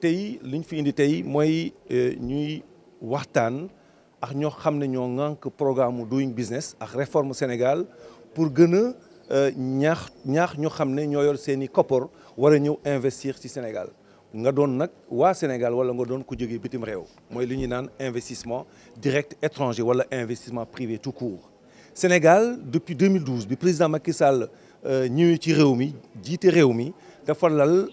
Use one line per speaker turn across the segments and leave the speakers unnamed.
tey liñ fi indi tey moy euh, ñuy waxtaan ak ño xam ño ngank programme doing business ak réforme Sénégal pour que a euh, ñaax ñaax ñoo xam ne ñoo yor seen i koppar war investir ci Sénégal nga doon nak wa Sénégal wala nga doon ku jógee bitim réew moy li ñuy naan investissement direct étranger wala investissement privé tout court Sénégal depuis 2012 bi président Macky Sall. Euh, ñëwee ci réew mi jiite réew mi dafa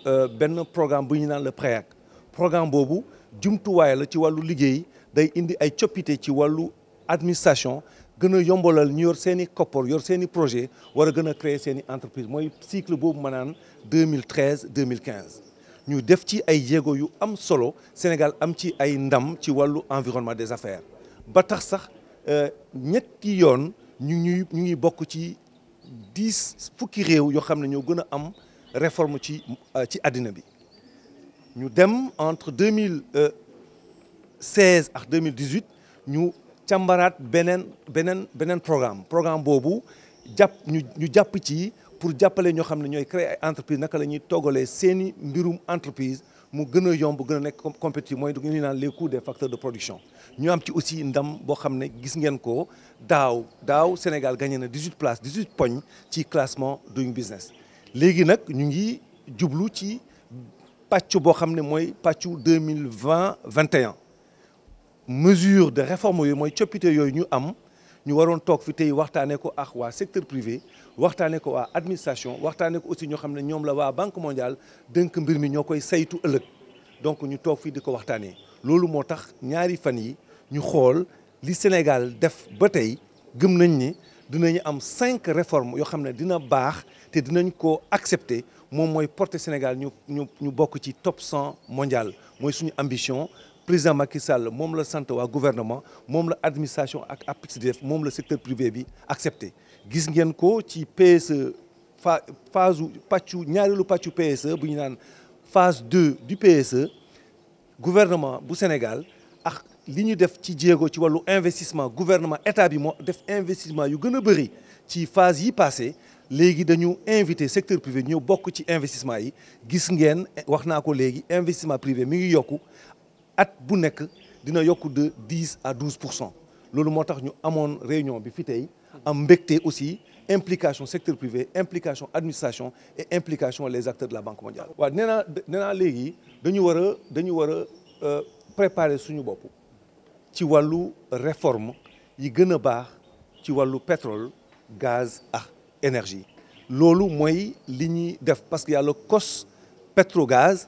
euh, programme bu ñu naan le PREAC programme boobu jumtuwaay la ci wàllu liggéey day indi ay coppite ci wàllu administration gëna yombalal ñu yor seeni copor yor seeni projet wara gëna créer seeni entreprise moy cycle bobu ma 2013 2015 ñu def ci ay jéego yu am solo Sénégal am ci ay ndam ci walu environnement des affaires ba tax sax euh, ñetti yoon ñu ñuy ñu ngi ci dix fukki réew yoo yo ñoo gëna am réforme ci euh, ci adina bi ñu dem entre 2016 mille seize ak deux mille dix huit ñu càmbaraat benen benen benen programme programme bobu japp ñu ñu ci pour jappalé ñoo xam ñoy créer entreprise naka lañuy togolé mbirum entreprise mu gën compétitif les coûts des facteurs de production Nous avons aussi ndam dame qui gis ngeen ko Sénégal gagné 18 places 18 points dans le classement Doing Business Nous avons ñu ngi jublu ci pàcc le xam 2020 21 mesure de réforme yooyu mooy coppite ñu waroon tok fi tay waxtaanee ko ak wa secteur privé waxtaanee ko wa administration waxtaanee ko aussi ñu xam ñom la wa banque mondiale dënk mbir mi ñokoy koy saytu ëllëg donc ñu tok fi diko ko lolu motax ñaari fan yi ñu xol li Sénégal def ba tay gëm nañ ni dinañ am 5 réformes yo xam dina baax té dinañ ko accepter mom moy porter Sénégal ñu ñu ñu ci top 100 mondial moy suñu ambition président Macky Sall moom le centre, gouvernement mom la administration ak du secteur privé bi accepté gis ngeen ko ci PSE phase patchu patchu PSE bu phase 2 du PSE gouvernement du Sénégal ak li ñu def ci Diego ci walu investissement gouvernement état bi mo def investissement yu gëna bëri ci phase yi passé légui dañu invité secteur privé ñeu bokk ci investissement yi gis ngeen waxna ko légui investissement privé mi ngi yokku at bu nek dina yokk de 10 à 12 lolu motax ñu amone réunion bi fi tey am aussi implication secteur privé implication administration et implication les acteurs de la banque mondiale. Wa néna néna légui dañu wara dañu wara euh, préparer suñu bop ci walu réforme yi gëna baax ci walu pétrole gaz ak énergie. lolu moy liñi def parce que y a le COS Pétrogaz.